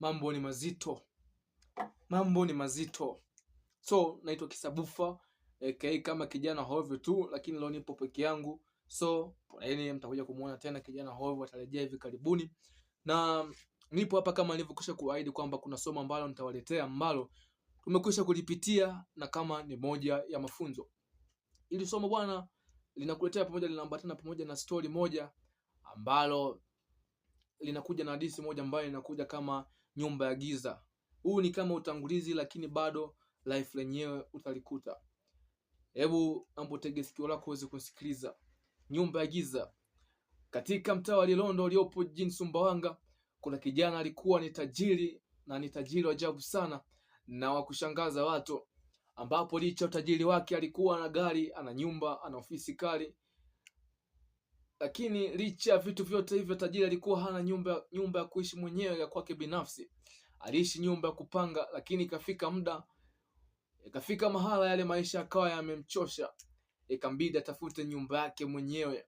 mambo ni mazito, mambo ni mazito. So naitwa Kisabufa aka eh, kama kijana hovyo tu, lakini leo nipo peke yangu, so poleni, mtakuja kumuona tena kijana hovyo, atarejea hivi karibuni, na nipo hapa kama nilivyokwisha kuahidi kwamba kuna somo ambalo nitawaletea ambalo tumekwisha kulipitia na kama ni moja ya mafunzo. Ili somo bwana linakuletea pamoja, linaambatana pamoja na story moja ambalo linakuja na hadithi moja ambayo inakuja kama nyumba ya giza. Huu ni kama utangulizi, lakini bado life lenyewe utalikuta. Hebu ambotege sikio lako uweze kusikiliza. Nyumba ya giza. Katika mtaa wa Lilondo uliopo jijini Sumbawanga, kuna kijana alikuwa ni tajiri na ni tajiri wa ajabu sana na wa kushangaza watu, ambapo licha utajiri wake alikuwa na gari, ana nyumba, ana ofisi kali lakini licha ya vitu vyote hivyo, tajiri alikuwa hana nyumba, nyumba ya kuishi mwenyewe ya kwake binafsi. Aliishi nyumba ya kupanga, lakini ikafika muda, ikafika mahala yale maisha yakawa yamemchosha, ikambidi atafute nyumba yake mwenyewe.